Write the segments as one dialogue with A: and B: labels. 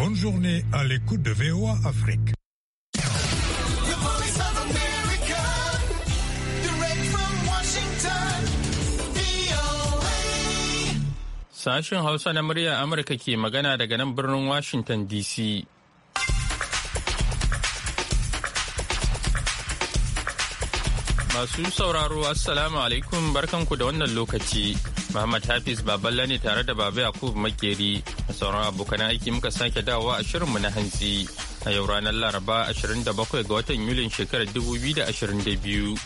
A: Bonne journée à l'écoute de VOA Afrique.
B: Sashen Hausa na murya Amurka ke magana daga nan birnin Washington DC. Masu sauraro, Assalamu alaikum barkanku da wannan lokaci. Muhammad Hafiz Baballa ne tare da Baba Yakubu Makeri da sauran abokan aiki muka sake dawowa a shirinmu na hantsi a yau ranar Laraba 27 ga watan Yulin shekarar 2022.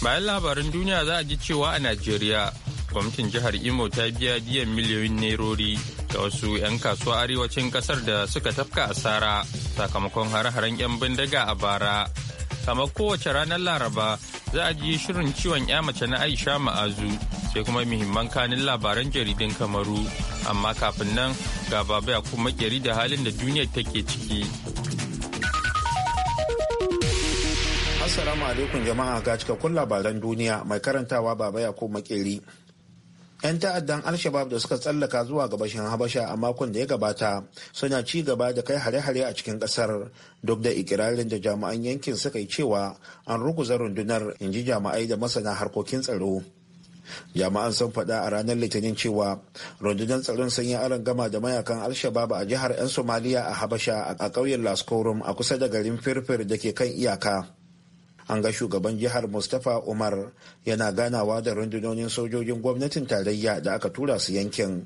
B: Bayan labarin duniya za a ji cewa a Najeriya gwamnatin jihar Imo ta biya biyan miliyoyin nerori ga wasu 'yan kasuwa arewacin kasar da suka tafka asara sakamakon hare-haren 'yan bindiga a bara. kamar kowace ranar laraba za a ji shirin ciwon ya mace na aisha ma'azu sai kuma muhimman kanin labaran jaridin kamaru amma kafin nan ga baba ya kuma gari da halin da duniyar take ciki
A: assalamu alaikum jama'a ga cikakkun labaran duniya mai karantawa baba ya maƙeri. makeri 'Yan ta'addan Al-Shabab da suka tsallaka zuwa gabashin Habasha a makon da ya gabata suna ci gaba da kai hare-hare a cikin kasar duk da ikirarin da jami'an yankin suka yi cewa an ruguza rundunar in ji jami'ai da masana harkokin tsaro. Jami'an sun faɗa a ranar Litinin cewa rundunar tsaron sun yi aron gama da mayakan Al-Shabab a jihar 'yan Somaliya a Habasha a ƙauyen Laskorum a kusa da garin Firfir da ke kan iyaka. an ga shugaban jihar mustapha umar yana ganawa da rundunonin sojojin gwamnatin tarayya da aka tura su yankin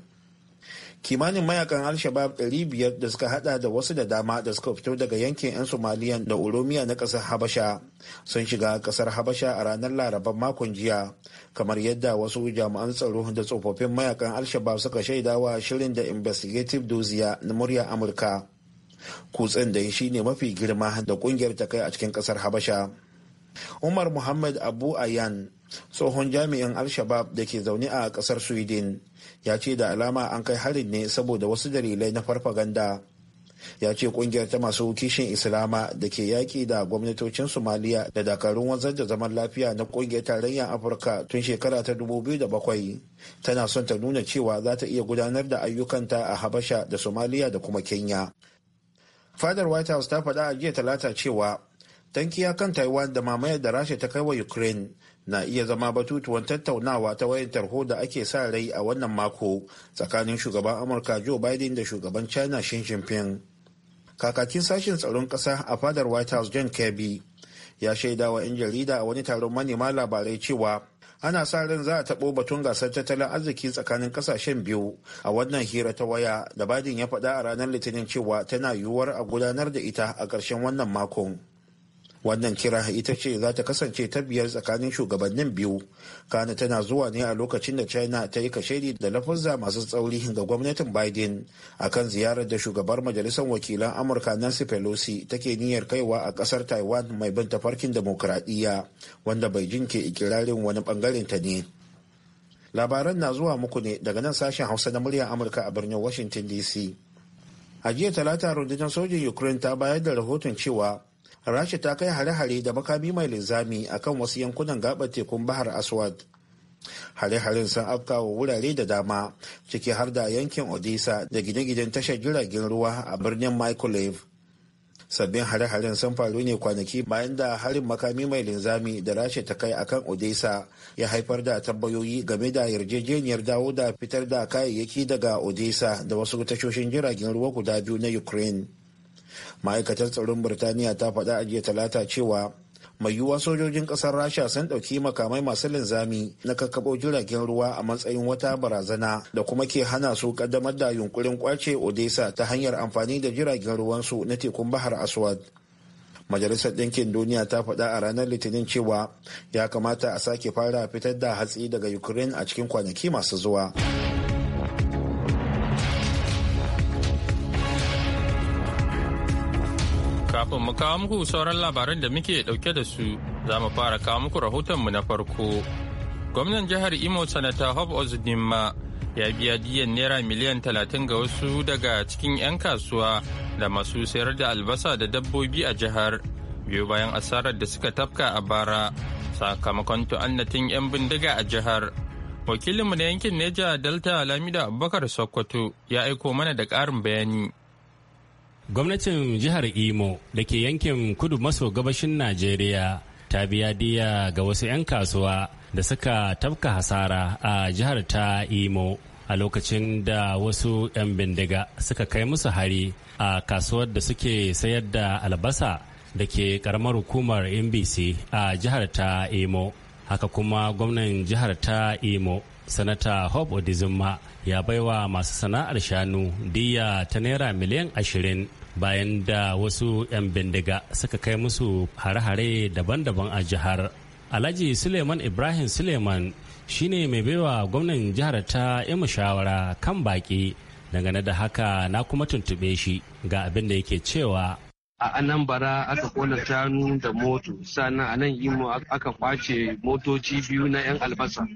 A: kimanin mayakan alshabab shabab 500 da suka hada da wasu da dama da suka fito daga yankin 'yan somaliyan da oromiya na kasar habasha sun shiga kasar habasha a ranar laraban makon jiya kamar yadda wasu jami'an tsaro da tsofaffin mayakan alshabab shabab suka shaidawa shirin da investigative doziya na murya amurka kutsen da shi ne mafi girma da kungiyar ta kai a cikin kasar habasha umar muhammad abu ayan tsohon jami'in al-shabab da ke zaune a kasar sweden ya ce da alama an kai harin ne saboda wasu dalilai na farfaganda ya ce kungiyar ta masu kishin islama da ke yaƙi da gwamnatocin Somalia da dakarun wanzar da zaman lafiya na kungiyar tarayyar afirka tun shekara ta 2007 tana son ta nuna cewa za ta iya gudanar da ayyukanta a habasha da Somalia da kuma kenya fadar white house ta faɗa a jiya talata cewa tankiya kan taiwan da mamayar da rasha ta kai wa ukraine na iya zama batutuwan tattaunawa ta wayan tarho da ake sa rai a wannan mako tsakanin shugaban amurka joe biden da shugaban china xi jinping kakakin sashen tsaron kasa a fadar white house john kirby ya shaida wa 'yan jarida a wani taron manema labarai cewa ana sa ran za a taɓo batun gasar tattalin arziki tsakanin ƙasashen biyu a wannan hira ta waya da biden ya faɗa a ranar litinin cewa tana yiwuwar a gudanar da ita a ƙarshen wannan makon wannan kira ita ce za ta kasance ta biyar tsakanin shugabannin biyu kana tana zuwa ne a lokacin da china ta yi kashedi da lafuzza masu tsauri ga gwamnatin biden akan ziyarar da shugabar majalisar wakilan amurka nancy pelosi take niyyar kaiwa a kasar taiwan mai bin tafarkin demokuraɗiyya wanda beijing ke ikirarin wani bangaren ta ne labaran na zuwa muku ne daga nan sashen hausa na muryar amurka a birnin washington dc a jiya talata rundunar sojin ukraine ta bayar da rahoton cewa rasha ta kai hare-hare da makami mai linzami a kan wasu yankunan gabar tekun bahar aswad hare-haren sun wa wurare da dama ciki har da yankin odisa da gine-ginen tashar jiragen ruwa a birnin microwave sabbin hare-haren sun faru ne kwanaki bayan da harin makami mai linzami da rasha ta kai akan odessa ya haifar da tambayoyi game da yarjejeniyar dawo da fitar da kayayyaki daga odessa da wasu tashoshin jiragen ruwa guda biyu na ukraine ma'aikatar tsaron birtaniya ta faɗa a jiya talata cewa mai yiwuwa sojojin ƙasar rasha sun ɗauki makamai masu linzami na kakkaɓo jiragen ruwa a matsayin wata barazana da kuma ke hana su ƙaddamar da yunkurin ƙwace odessa ta hanyar amfani da jiragen ruwansu na tekun bahar aswad majalisar ɗinkin duniya ta faɗa a ranar litinin cewa ya kamata a sake fara fitar da hatsi daga ukraine a cikin kwanaki masu
B: zuwa. Kafin mu kawo muku sauran labaran da muke dauke da su, za mu fara kawo muku rahoton mu na farko. Gwamnan jihar Imo Sanata Hob Ozudinma ya biya diyan naira miliyan talatin ga wasu daga cikin 'yan kasuwa da masu sayar da albasa da dabbobi a jihar biyu bayan asarar da suka tafka a bara sakamakon tu'annatin 'yan bindiga a jihar wakilinmu na yankin neja delta lamida abubakar sokoto ya aiko mana da ƙarin bayani
C: Gwamnatin jihar Imo da ke yankin kudu maso gabashin Najeriya ta biya diya ga wasu 'yan kasuwa da suka tafka hasara a jihar ta Imo a lokacin da wasu 'yan bindiga suka kai musu hari a kasuwar da suke sayar da albasa da ke karamar hukumar NBC a jihar ta Imo. Haka kuma gwamnan jihar ta Imo, Sanata Hope Odizumma ya baiwa masu sana'ar shanu diya ta naira miliyan ashirin bayan da wasu 'yan bindiga suka kai musu hare-hare daban-daban a jihar alhaji suleiman ibrahim suleiman shine mai baiwa gwamnan jihar ta ima shawara kan baki dangane da haka na kuma tuntube shi ga abin da yake cewa a anan bara aka kona shanu da moto sannan a nan imo aka kwace motoci biyu na 'yan albasa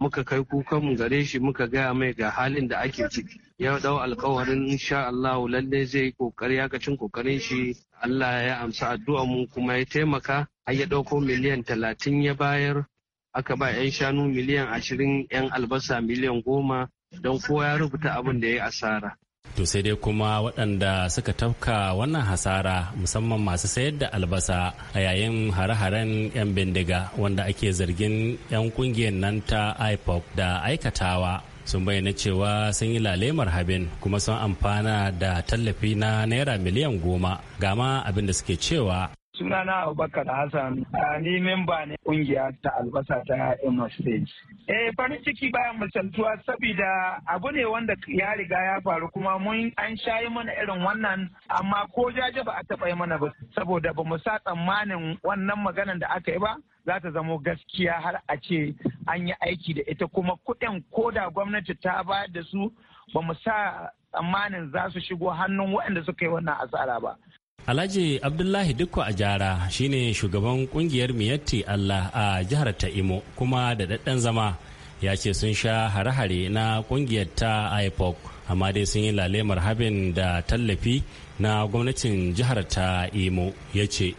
C: muka kai kukanmu gare shi muka gaya mai ga halin da ake ciki ya dau alkawarin insha Allah lalle zai kokari ya cin kokarin shi Allah ya amsa addu'ar mu kuma ya taimaka har ya dauko miliyan talatin ya bayar aka ba 'yan shanu miliyan ashirin 'yan albasa miliyan goma don kowa ya rubuta abin da ya asara To sai dai kuma waɗanda suka tafka wannan hasara musamman masu sayar da albasa a yayin hare-haren 'yan bindiga wanda ake zargin 'yan kungiyar nan ta IPOP da aikatawa sun bayyana cewa sun yi lalemar habin kuma sun amfana da tallafi na naira miliyan goma gama abin da suke cewa
A: Sunana Abubakar Hassan, ni memba ne kungiya ta albasa ta emma State. Eh farin ciki bayan misaltuwa saboda abu ne wanda ya riga ya faru kuma mun an shayi mana irin wannan amma ko jaje ba a taba yi mana ba saboda ba mu sa tsammanin wannan maganan da aka yi ba za ta zamo gaskiya har a ce an yi aiki da ita kuma kuɗin koda gwamnati ta bayar da su ba mu sa tsammanin za su shigo hannun waɗanda suka yi wannan asara ba.
C: Alhaji Abdullahi Dukko Ajara shine shugaban kungiyar Miyatti Allah a jihar ta Imo kuma da daddan zama ya ce sun sha hare-hare na kungiyar ta IPOC amma dai sun yi lalemar habin da tallafi na gwamnatin jihar ta Imo ya ce.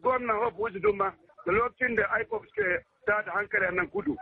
C: Gwamnan Hope Duma da lokacin da IPOC ke ta da hankali a nan kudu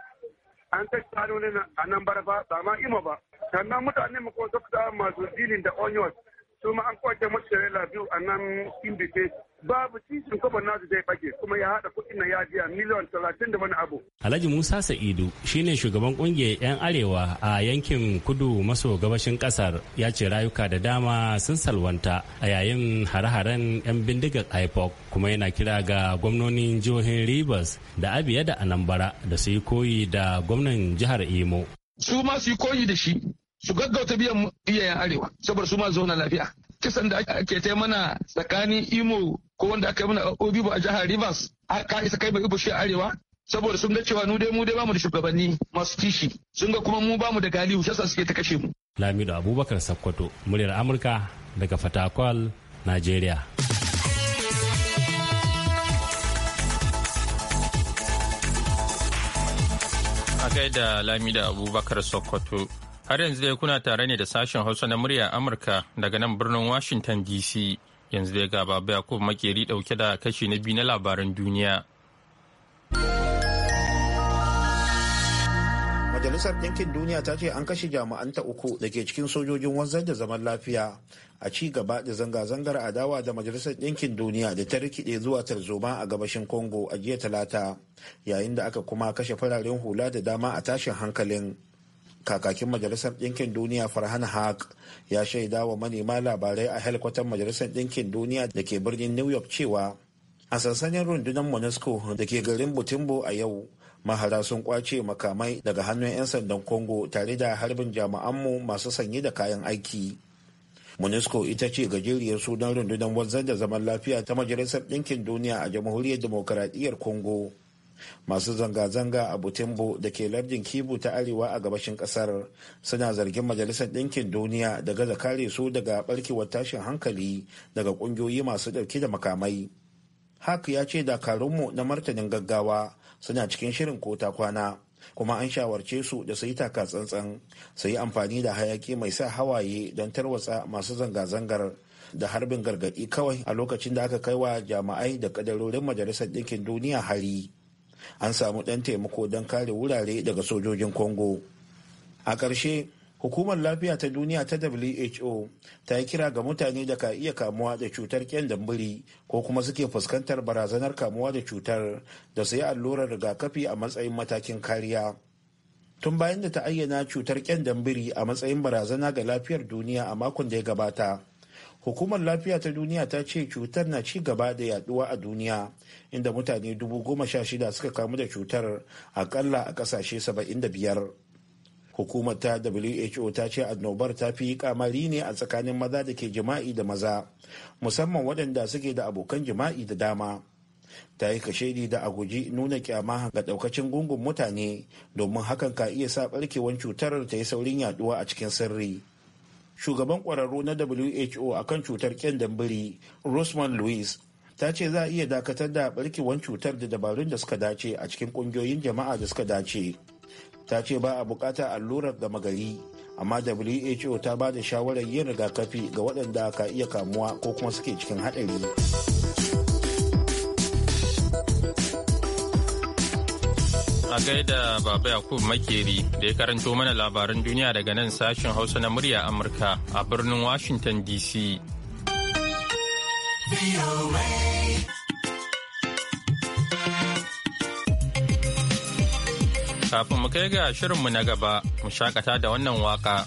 C: an ta tsaro ne a nan bara ba ma Imo ba. Sannan mutane mu suka masu dilin da onions su an kwace masu biyu a nan indite babu titin kwaban nasu zai bage kuma ya hada kuɗin na yajiya miliyan talatin da wani abu. Alhaji Musa Sa'idu shine shugaban ƙungiyar 'yan Arewa a yankin kudu maso gabashin ƙasar ya ce rayuka da dama sun salwanta a yayin hare-haren 'yan bindigar IPOC kuma yana kira ga gwamnonin jihohin Rivers da Abia da Anambra da su yi koyi da gwamnan jihar Imo. Su ma
B: su yi koyi da shi su gaggauta biyan iyayen arewa saboda su ma zauna lafiya kisan da ake ta mana tsakanin imo ko wanda aka yi mana obibo a jihar rivers aka isa kai bai ibushi arewa saboda sun ga cewa nu dai mu dai bamu da shugabanni masu kishi sun ga kuma mu bamu
C: da galihu shasa suke ta kashe mu lamido abubakar sakkwato muryar amurka daga fatakwal
B: nigeria a da lamida abubakar sokoto Har yanzu dai kuna tare ne da sashen Hausa na murya Amurka daga nan birnin Washington DC. Yanzu dai ga Baba Yakubu Makeri dauke da kashi na biyu na labaran duniya.
A: Majalisar Ɗinkin Duniya ta ce an kashe jami'anta uku da ke cikin sojojin wanzar da zaman lafiya a ci gaba da zanga-zangar adawa da Majalisar Ɗinkin Duniya da ta rikide zuwa tarzoma a gabashin Congo a jiya talata yayin da aka kuma kashe fararen hula da dama a tashin hankalin. kakakin majalisar ɗinkin duniya farhan haq ya shaida wa manema labarai a helikwatar majalisar ɗinkin duniya da ke birnin new york cewa a sansanin rundunar monusco da ke garin butimbo a yau mahara sun kwace makamai daga hannun 'yan sandan congo tare da harbin jami'anmu masu sanyi da kayan aiki monusco ita ce gajeriyar sunan rundunar wanzar da zaman lafiya ta majalisar ɗinkin duniya a jamhuriyar demokaradiyyar congo masu zanga-zanga a butembo da ke lardin kibu ta arewa a gabashin kasar suna zargin majalisar ɗinkin duniya da gaza kare su daga ɓarkewar tashin hankali daga ƙungiyoyi masu ɗauke da makamai hak ya ce dakarunmu na martanin gaggawa suna cikin shirin kota kwana kuma an shawarce su da su yi taka tsantsan su yi amfani da hayaki mai sa hawaye don tarwatsa masu zanga-zangar da harbin gargaɗi kawai a lokacin da aka kai wa jama'ai da ƙadarorin majalisar ɗinkin duniya hari an samu ɗan taimako don kare wurare daga sojojin congo a ƙarshe hukumar lafiya ta duniya ta who ta yi kira ga mutane da ka iya kamuwa da cutar dambiri ko kuma suke fuskantar barazanar kamuwa da cutar da su yi allurar rigakafi a matsayin matakin kariya tun bayan da ta ayyana cutar dambiri a matsayin barazana ga lafiyar duniya a makon da ya gabata hukumar lafiya ta duniya ta ce cutar na ci gaba da yaduwa a duniya inda mutane dubu goma sha shida suka kamu da cutar akalla a kasashe saba'in da biyar hukumar ta who ta ce annobar ta fi kamari ne a tsakanin maza da ke jima'i da maza musamman waɗanda suke da abokan jima'i da dama ta yi kashedi da a guji nuna kyama ga ɗaukacin gungun mutane domin hakan ka iya sa barkewar cutar ta yi saurin yaduwa a cikin sirri shugaban kwararru na who kan cutar kyandambiri rosman louis ta ce za a iya dakatar da barkewar cutar da dabarun da suka dace a cikin kungiyoyin jama'a da suka dace ta ce ba a bukata allurar gama gari amma who ta ba da shawarar yin rigakafi ga waɗanda ka iya kamuwa ko kuma suke cikin haɗari
B: gaida Baba Yakub Makeri da ya karanto mana labaran duniya daga nan sashen Hausa na murya Amurka a birnin Washington DC. Kafin mu kai ga shirinmu na gaba, mu shakata da wannan waka.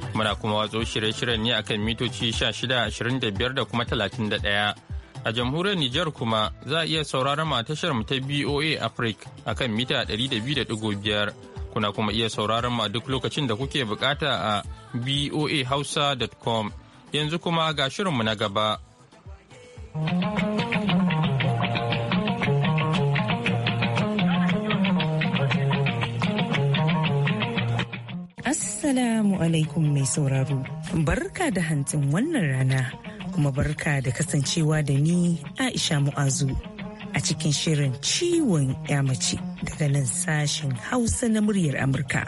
B: Muna kuma watso shirye-shiryen ne akan mitoci 1625 da kuma 31. A jamhuriyar Nijar kuma za a iya sauraron mu a tashar mu ta BOA Africa akan mita 200.5. Kuna kuma iya sauraron mu duk lokacin da kuke bukata a boahausa.com. Yanzu kuma ga shirinmu na gaba.
D: Assalamu alaikum mai sauraro. Barka da hantin wannan rana kuma barka da kasancewa da ni Aisha Mu'azu a cikin shirin ciwon mace daga nan sashen Hausa na muryar Amurka.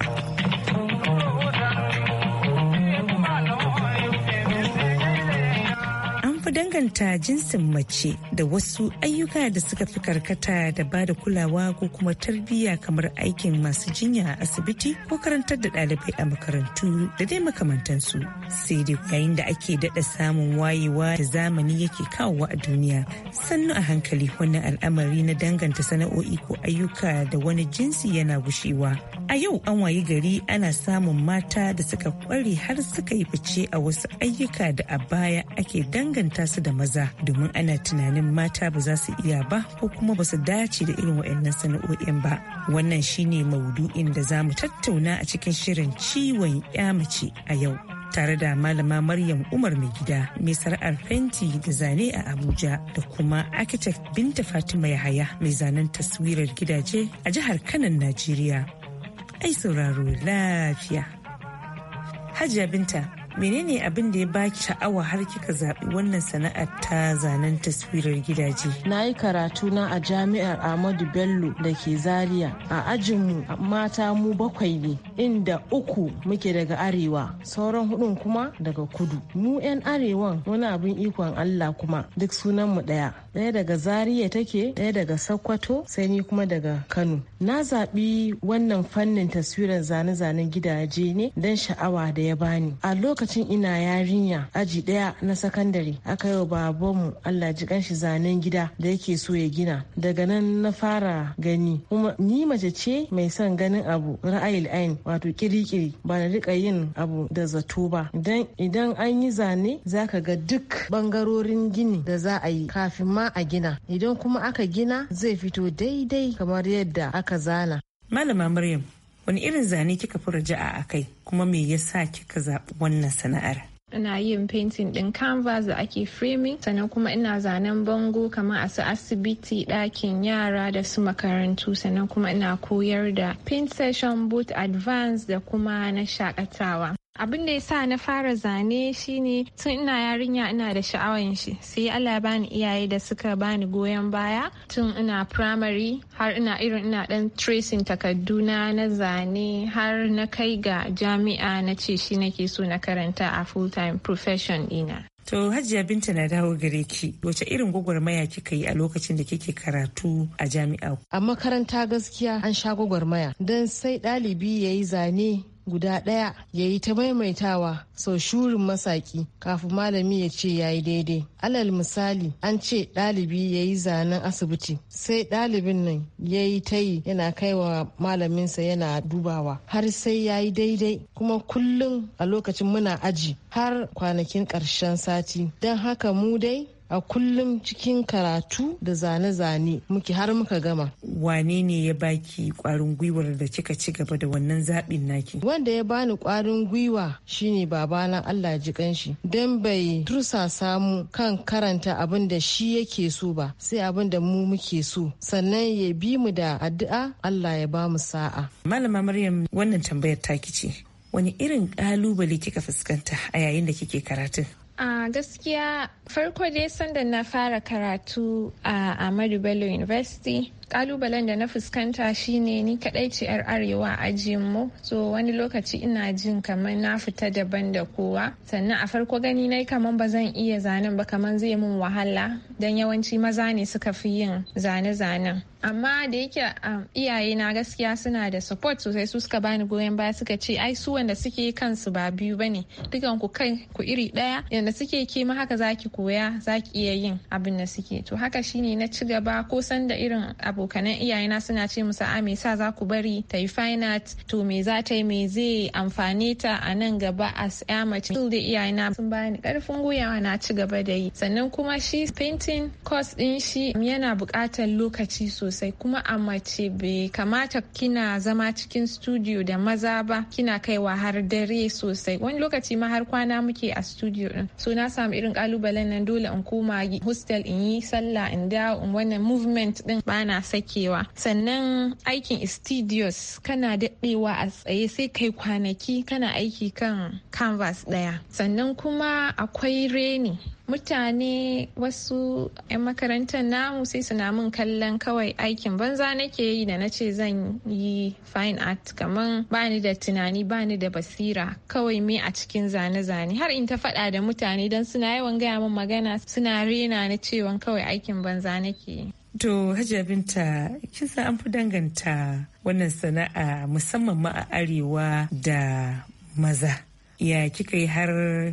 D: An fi inganta jinsin mace da wasu ayyuka da suka fi karkata da ba da kulawa ko kuma tarbiyya kamar aikin masu jinya a asibiti ko karantar da ɗalibai a makarantu da dai makamantansu sai dai yayin da ake daɗa samun wayewa da zamani yake kawowa a duniya sannu a hankali wannan al'amari na danganta sana'o'i ko ayyuka da wani jinsi yana gushewa a yau an wayi gari ana samun mata da suka kware har suka yi fice a wasu ayyuka da a baya ake danganta su da maza domin ana tunanin mata ba za su iya ba ko kuma ba su dace da irin waɗannan sana'o'in ba wannan shine maudu'in da za mu tattauna a cikin shirin ciwon ya mace a yau tare da malama maryam umar mai gida mai sara'ar fenti da zane a abuja da kuma architect binta fatima yahaya mai zanen taswirar gidaje a jihar kanan najeriya ai sauraro lafiya hajiya binta menene abin da ya baki sha'awa har kika zaɓi wannan sana'ar ta zanen taswirar gidaje
E: na yi karatu na a jami'ar ahmadu bello da ke zaria a ajinmu mata mu bakwai ne inda uku muke daga arewa sauran hudun kuma daga kudu mu 'yan arewan wani abin ikon allah kuma duk sunanmu ɗaya daya daga Zaria take, daya daga Sokoto, sai ni kuma daga Kano. Na zaɓi wannan fannin taswiran zane-zanen gidaje ne don sha'awa da ya bani. A lokacin ina yarinya aji daya na sakandare aka yi wa babanmu Allah ji kanshi zanen gida da yake so ya gina. Daga nan na fara gani kuma ni mace ce mai son ganin abu ra'ayil ain wato kirikiri ba na rika yin abu da zato ba. Idan an yi zane zaka ga duk bangarorin gini da za a yi kafin ma ma a gina idan kuma aka gina zai fito daidai kamar yadda aka zana
D: malama maryam wani irin zane kika fi raja'a a kai kuma me yasa kika zaɓi wannan sana'ar
E: ina yin
F: painting ɗin canvas da ake framing sannan kuma ina zanen bango kamar a su asibiti ɗakin yara da su makarantu sannan kuma ina koyar da paint session both advanced da kuma na shakatawa abin da ya sa na fara zane shine tun ina yarinya ina da sha'awan shi sai allah bani iyaye da suka bani goyon baya tun ina primary har ina irin ina dan tracing takarduna na zane har na kai ga jami'a na ce shi nake so na karanta a full time profession
D: ina To Hajiya Binta na dawo gare ki wace irin gwagwarmaya kika yi a lokacin da kike karatu a jami'a?
E: A makaranta gaskiya an sha gwagwarmaya don sai ɗalibi ya yi zane guda ɗaya ya yi ta maimaitawa sau shurin masaki kafin malami ya ce ya yi daidai alal misali an ce ɗalibi ya yi zanen asibiti sai ɗalibin nan ya yi ta yi yana kaiwa malaminsa yana dubawa har sai ya yi daidai kuma kullum a lokacin muna aji har kwanakin ƙarshen sati don haka mu dai a kullum cikin karatu da zane-zane muke har muka gama.
D: Wane ne ya baki kwarin gwiwar da kika ci gaba da wannan zaɓin naki?
E: Wanda ya bani kwarin gwiwa shine babana Allah ji kanshi. Dan bai tursa samu kan karanta abin da shi yake so ba sai abin da mu muke so. Sannan ya bi mu da addu'a Allah ya ba mu sa'a.
D: Malama Maryam wannan tambayar taki ce. Wani irin kalubale kika fuskanta a yayin da kike karatun?
F: A gaskiya farko dai sanda na fara karatu a Ahmadu Bello University kalubalen da na fuskanta shine ni kadai ce yar arewa a mu so wani lokaci ina jin kamar na fita daban da kowa sannan a farko gani nai kamar ba zan iya zanen ba kamar zai mun wahala don yawanci maza ne suka fi yin zane-zanen amma da yake um, iyaye na gaskiya suna da support sosai su suka bani goyon baya suka ce ai su wanda suke kansu ba biyu bane dukan ku kai ku iri daya yanda suke ke ma haka zaki koya zaki iya yin abin da suke to haka shine na ci gaba ko san da irin abu abokanan iyayena suna ce musu a ah, me sa za ku bari ta yi finite to me za ta yi me zai amfane ta a nan gaba a ya mace da iyayena sun bani karfin gwiwa na ci gaba da yi sannan kuma shi painting course din shi yana bukatar lokaci sosai kuma a mace bai kamata kina zama cikin studio da maza ba kina kaiwa har dare sosai wani lokaci ma har kwana muke a studio din so na samu irin kalubalen nan dole in koma hostel in yi sallah in dawo in wannan movement din bana sakewa sannan aikin studios kana daɗewa a tsaye sai kai kwanaki kana aiki kan canvas ɗaya sannan kuma akwai reni mutane wasu 'yan makarantar namu sai suna min kallon kawai aikin banza nake yi da na ce zan yi fine art kamar bani da tunani bani da basira kawai me a cikin zane-zane har in ta faɗa da mutane don suna yawan gaya min magana suna rena na cewa kawai aikin banza nake yi
D: To Hajiya Binta kin san an fi danganta wannan sana'a musamman ma a arewa da maza. ya kika yi har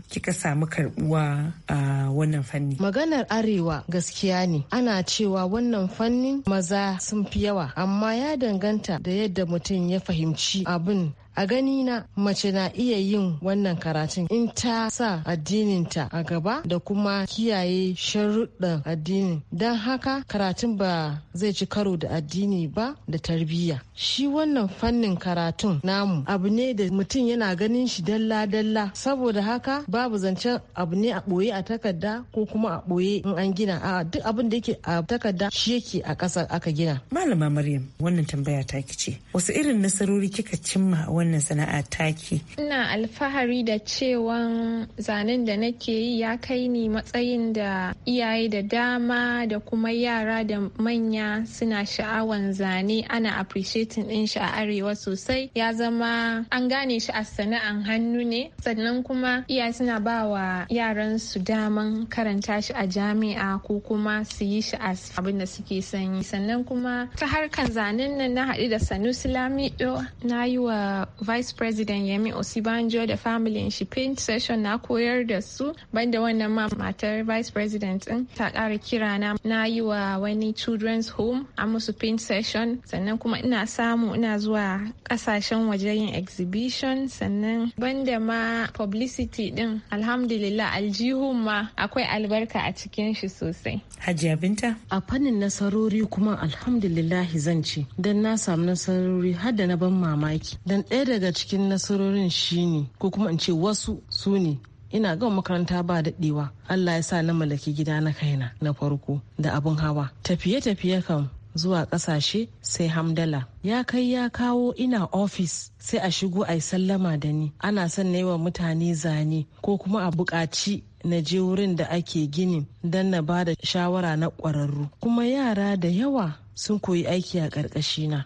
D: kika samu
E: karbuwa a wannan fanni maganar arewa gaskiya ne ana cewa wannan fannin maza sun fi yawa amma ya danganta da yadda mutum ya fahimci abin a gani na mace na iya yin wannan karatun in ta sa addininta a gaba da kuma kiyaye sharuɗan addinin don haka karatun ba zai ci karo da addini ba da tarbiyya shi wannan fannin karatun namu abu ne da mutum yana ganin shi dalla-dalla saboda haka babu zancen abu ne a ɓoye a takarda ko kuma a ɓoye in an gina a duk abin da yake a takarda shi yake a ƙasar aka gina
D: malama maryam wannan tambaya ta ce wasu irin nasarori kika cimma wannan sana'a taki
F: ina alfahari da cewan zanen da nake yi ya kai ni matsayin da iyaye da dama da kuma yara da manya suna sha'awan zane ana appreciating din shi a arewa sosai ya zama an gane shi a sana'an hannu ne sannan kuma iyaye suna ba wa yaran su daman karanta shi a jami'a ko kuma su yi shi a abin da suke sanyi sannan kuma ta harkan zanen nan na haɗu da sanu na yi wa vice president yemi osibanjo da familin shi paint session na koyar da su banda wannan ma matar vice president din ta kara kira na na yi wa wani children's home a musu paint session sannan kuma ina samu ina zuwa kasashen waje yin exhibition sannan banda ma publicity din alhamdulillah Aljihu ma akwai albarka a cikin shi sosai
E: hajiya binta a fannin nasarori kuma alhamdulillah zan ce dan na samu nasarori har da na ban mamaki dan ɗaya ɗaya daga cikin nasarorin shi ne. ko kuma in ce wasu su ne ina gama makaranta ba daɗewa allah ya sa na mallaki gida na kaina na farko da abin hawa tafiye-tafiye kan zuwa ƙasashe sai hamdala ya kai ya kawo ina ofis sai a shigo a yi sallama da ni ana son na yi wa mutane zane ko kuma a buƙaci na je wurin da ake ginin don na ba da shawara na ƙwararru kuma yara da yawa sun koyi aiki a ƙarƙashina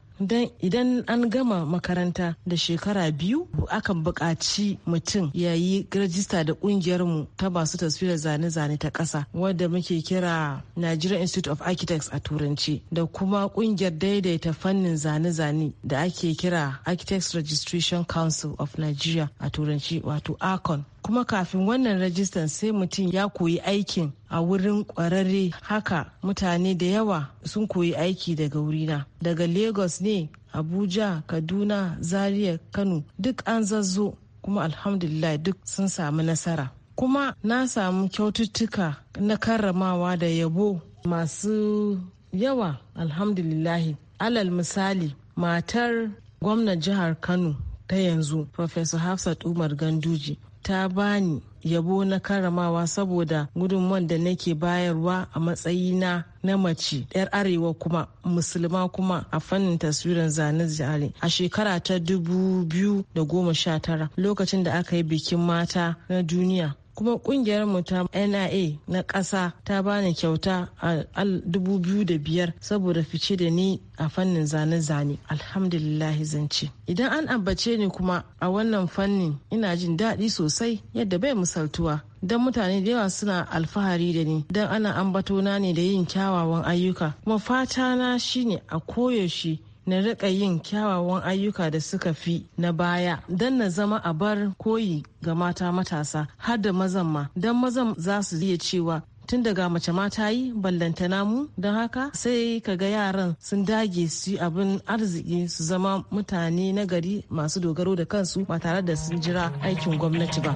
E: idan an gama makaranta da shekara biyu akan buƙaci mutum ya yi rajista da ƙungiyarmu ta masu taswirar zane-zane ta ƙasa wadda muke kira Nigerian Institute of Architects a turanci da kuma ƙungiyar daidaita fannin zane-zane da ake kira Architects Registration Council of Nigeria a turanci wato ACON kuma kafin wannan rajistan sai mutum ya koyi aikin a wurin kwararre haka mutane da yawa sun koyi aiki daga wurina daga lagos ne abuja kaduna zaria kano duk an zazzo kuma alhamdulillah duk sun samu nasara kuma na samu kyaututtuka na karramawa da yabo masu yawa alhamdulillahi alal misali matar gwamnan jihar kano ta yanzu professor hafsat umar ganduji ta bani yabo na karamawa saboda gudunmuwan da nake bayarwa a matsayina na mace 'yar arewa kuma musulma kuma a fannin taswirin zane zane a shekara ta 2019 lokacin da aka yi bikin mata na duniya kuma kungiyar mu ta NIA na ƙasa ta bani kyauta a dubu biyu da biyar saboda fice da ni a fannin zane-zane alhamdulillah zance idan an ambace ni kuma a wannan fannin ina jin daɗi sosai yadda bai misaltuwa don mutane da yawa suna alfahari da ni don ana ambato na ne da yin kyawawan ayyuka kuma fata na shine a koyaushe na riƙa yin kyawawan ayyuka da suka fi na baya don na zama a bar koyi ga mata matasa har da mazan ma don mazan za su iya cewa tun daga mace mata yi ballanta namu don haka sai ka ga yaran sun dage su abin arziki su zama mutane na gari masu dogaro da kansu ba tare da sun jira aikin gwamnati ba.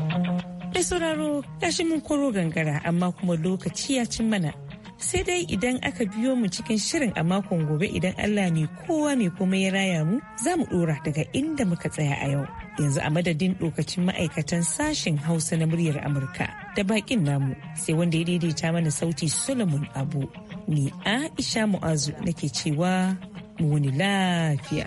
E: Mai sauraro, shi mun
D: koro gangara amma kuma lokaci ya cin mana sai dai idan aka biyo mu cikin shirin a makon gobe idan Allah ne kowa mai komai ya raya mu za mu dora daga inda muka tsaya a yau yanzu a madadin dokacin ma'aikatan sashen hausa na muryar amurka da bakin namu sai wanda ya daidaita mana sauti solomon abu ni aisha mu'azu nake cewa mu wani lafiya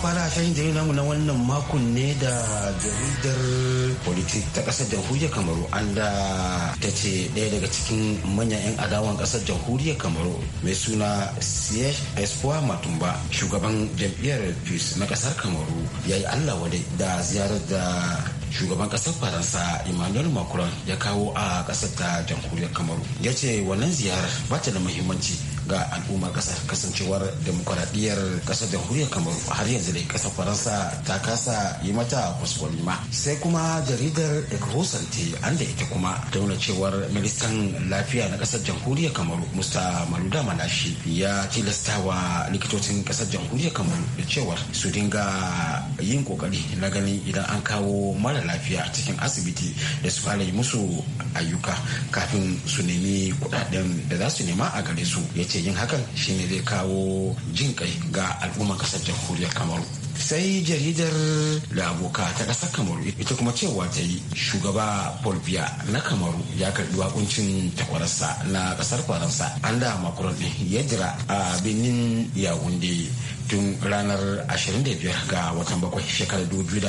G: kwana a jaridar namu na wannan makon ne da jaridar politik ta kasar jamhuriyar kamaru an da ta ce daya daga cikin manyan 'yan adawan kasar jamhuriyar kamaru mai suna siyesh espoa matumba shugaban jam'iyyar peace na kasar kamaru ya yi allah wadai da ziyarar da shugaban kasar faransa emmanuel macron ya kawo a kasar ta jamhuriyar kamaru ya ce wannan ziyarar ba ta da muhimmanci ga al'ummar kasar kasancewar demokuraɗiyyar kasar jamhuriyar kamar har yanzu dai kasar faransa ta kasa yi mata kwaskwari ma sai kuma jaridar ecohosan an da ita kuma dauna cewar ministan lafiya na kasar jamhuriyar kamaru musta maluda manashi ya tilastawa likitocin kasar jamhuriyar kamaru da cewar su dinga yin kokari na gani idan an kawo mara lafiya cikin asibiti da su fara yi musu ayyuka kafin su nemi kudaden da za su nema a gare su ya ce ke yin hakan shine zai kawo jin kai ga al'ummar kasar jamhuriyar kamaru sai jaridar laboka ta kasar kamaru ita kuma cewa ta yi shugaba polvia na kamaru ya karbi wakuncin takwararsa na ƙasar faransa an da makurar ya jira a ya wunde tun ranar 25 ga watan bakwai shekarar 2022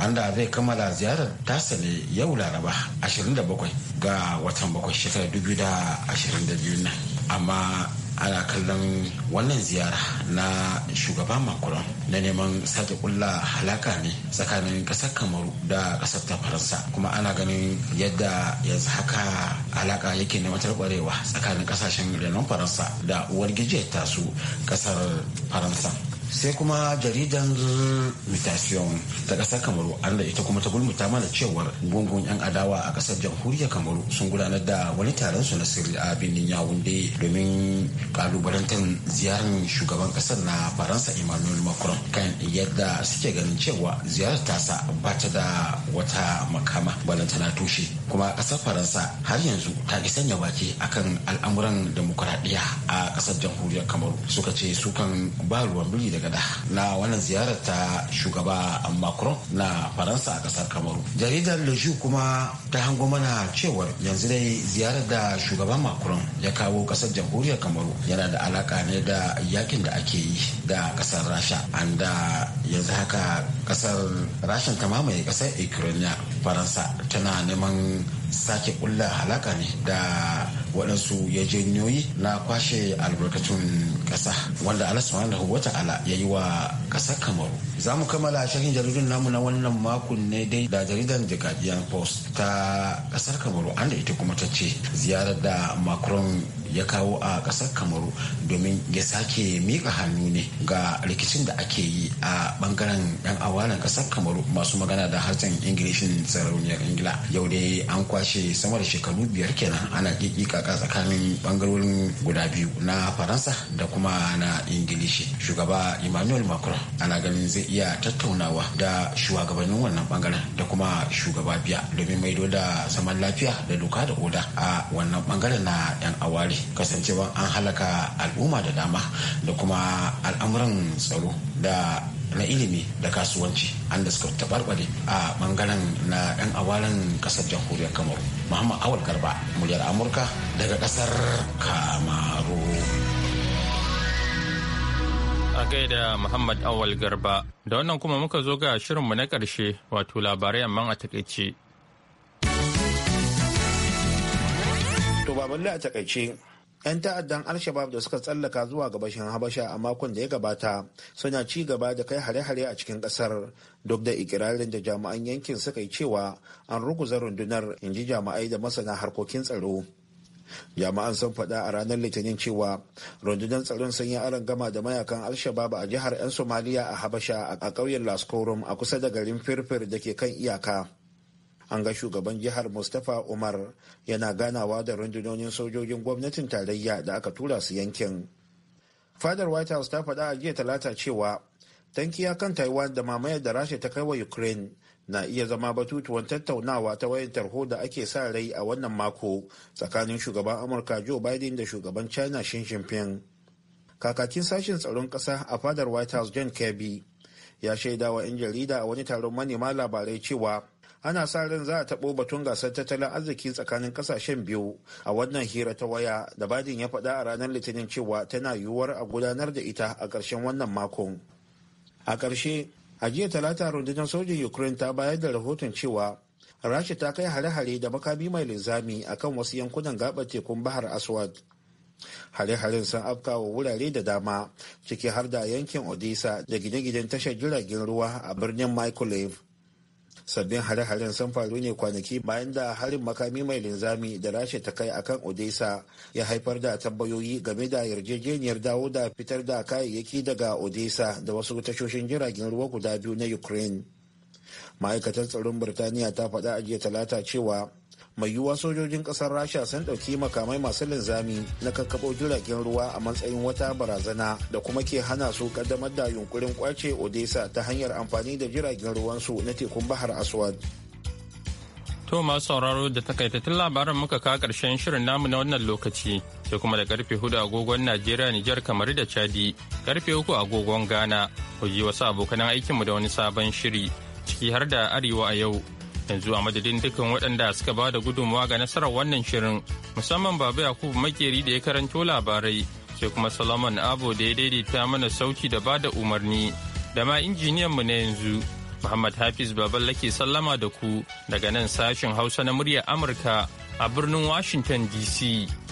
G: an da zai kammala ziyarar tasa ne yau laraba 27 ga watan bakwai shekarar 2022 na amma ana kallon wannan ziyara na shugaba macron na neman sake kulla halaka ne tsakanin kasar kamaru da kasar ta faransa kuma ana ganin yadda yanzu haka halaka yake na matar kwarewa tsakanin ƙasashen renon faransa da uwar gijiyar tasu kasar faransa sai kuma jaridan mutation ta kasar kamaru an da ita kuma ta ta mana cewar gungun yan adawa a kasar jamhuriyar kamaru sun gudanar da wani taron su na sirri a birnin yawunde domin kalubalantar ziyarar shugaban kasar na faransa emmanuel macron kan yadda suke ganin cewa ziyarar tasa ba ta da wata makama na tushe kuma kasar faransa har yanzu ta ki sanya baki akan al'amuran demokuraɗiyya a kasar jamhuriyar kamaru suka ce sukan ba ruwan biri da ya gada na wannan ziyarar ta shugaba Macron na Faransa a kasar Kamaru. Jaridar Le kuma ta hango mana cewar yanzu dai ziyarar da shugaban Macron ya kawo kasar jamhuriyar Kamaru yana da alaka ne da yakin da ake yi da kasar Rasha an da yanzu haka kasar Rasha ta mamaye kasar Ukraine Faransa tana neman sake kulla halaka ne da waɗansu ya janyoyi na kwashe albarkatun ƙasa wanda Allah da wata ala ya yi wa ƙasar Kamaru. Za mu kammala shirin jaridun namu na wannan makon ne dai da jaridar The Guardian Post ta ƙasar Kamaru an da ita kuma ta ce ziyarar da Macron ya kawo a ƙasar kamaru domin ya sake miƙa hannu ne ga rikicin da ake yi a bangaren 'yan awalan ƙasar kamaru masu magana da harshen ingilishin sarauniyar ingila yau dai an kwashe sama da shekaru biyar kenan ana ka tsakanin bangarorin guda biyu na faransa da kuma na ingilishi shugaba emmanuel macron ana ganin zai iya tattaunawa da shugabannin wannan bangaren da kuma shugaba biya domin maido da zaman lafiya da doka da oda a wannan bangaren na 'yan awari kasancewa an halaka al'umma da dama da kuma al'amuran tsaro da na ilimi da kasuwanci an da suka tabarbare a bangaren na 'yan awalin kasar jamhuriyar kamaru muhammad awal garba muryar amurka daga kasar kamaru
B: a gaida muhammad awal garba da wannan kuma muka zo ga shirinmu na karshe wato labarai amma a takaice to a takaice
A: 'yan ta'addan al-shabab da suka tsallaka zuwa gabashin habasha a makon da ya gabata suna ci gaba da kai hare-hare a cikin kasar duk da ikirarin da jami'an yankin suka yi cewa an ruguza rundunar in ji jami'ai da masana harkokin tsaro jami'an sun faɗa a ranar litinin cewa rundunar tsaron sun yi aron gama da mayakan al-shabab a jihar 'yan somaliya a habasha a ƙauyen laskorum a kusa da garin firfir da ke kan iyaka an ga shugaban jihar mustapha umar yana ganawa da rundunonin sojojin gwamnatin tarayya da aka tura su yankin fadar white house ta faɗa a jiya talata cewa tankiya kan taiwan da mamayar da rasha ta kai wa ukraine na iya zama batutuwan tattaunawa ta wayan tarho da ake sa rai a wannan mako tsakanin shugaban amurka joe biden da shugaban china xi jinping kakakin sashen tsaron ƙasa a fadar white house john kirby ya shaida wa 'yan jarida a wani taron manema labarai cewa ana sa ran za a taɓo batun gasar tattalin arziki tsakanin ƙasashen biyu a wannan hira ta waya da badin ya faɗa a ranar litinin cewa tana yiwuwar a gudanar da ita a ƙarshen wannan makon a ƙarshe a jiya talata rundunar sojin ukraine ta bayar da rahoton cewa rasha ta kai hare-hare da makami mai linzami akan wasu yankunan gabar tekun bahar aswad hare-haren sun afka wa wurare da dama ciki har da yankin odisa da gine-ginen tashar jiragen ruwa a birnin microwave sabbin hare-haren sun faru ne kwanaki bayan da harin makami mai linzami da rasha ta kai akan odessa ya haifar da tambayoyi game da yarjejeniyar dawo da fitar da kayayyaki daga odessa da wasu tashoshin jiragen ruwa guda biyu na ukraine ma'aikatar tsaron birtaniya ta faɗa a jiya talata cewa mai yiwuwa sojojin kasar rasha sun ɗauki makamai masu linzami na kakkaɓo jiragen ruwa a matsayin wata barazana da kuma ke hana su kaddamar da yunkurin kwace odessa ta hanyar amfani da jiragen ruwansu na tekun bahar aswad
B: To masu sauraro da takaitattun labaran muka ka karshen shirin namu na wannan lokaci sai kuma da karfe hudu agogon Najeriya Nijar kamar da Chadi karfe uku agogon Ghana ku ji wasu abokan aikinmu da wani sabon shiri ciki har da Arewa a yau yanzu a madadin dukkan waɗanda suka ba da gudunmawa ga nasarar wannan shirin musamman babu yakubu makeri da ya karanto labarai sai kuma solomon abo da ya daidaita mana sauki da ba da umarni da ma injiniyan mu na yanzu muhammad hafiz baballa lake sallama da ku daga nan sashen hausa na muryar amurka a birnin washington dc